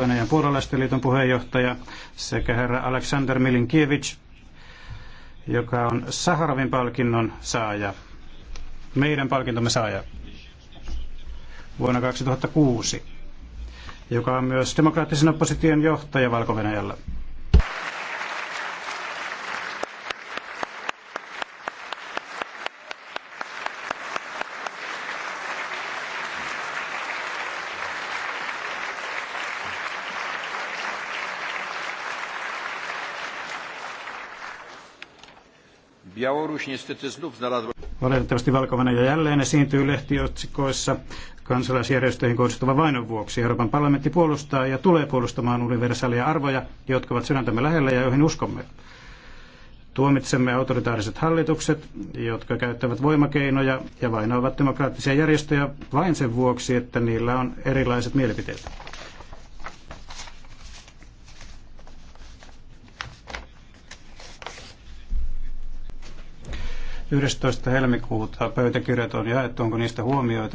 Venäjän puolalaisten liiton puheenjohtaja sekä herra Aleksander Milinkiewicz, joka on Saharovin palkinnon saaja, meidän palkintomme saaja vuonna 2006, joka on myös demokraattisen opposition johtaja Valko-Venäjällä. Valitettavasti valko jälleen esiintyy lehtiotsikoissa kansalaisjärjestöihin kohdistuvan vainon vuoksi. Euroopan parlamentti puolustaa ja tulee puolustamaan universaaleja arvoja, jotka ovat sydäntämme lähellä ja joihin uskomme. Tuomitsemme autoritaariset hallitukset, jotka käyttävät voimakeinoja ja vainoavat demokraattisia järjestöjä vain sen vuoksi, että niillä on erilaiset mielipiteet. 11. helmikuuta pöytäkirjat on jaettu, onko niistä huomioita?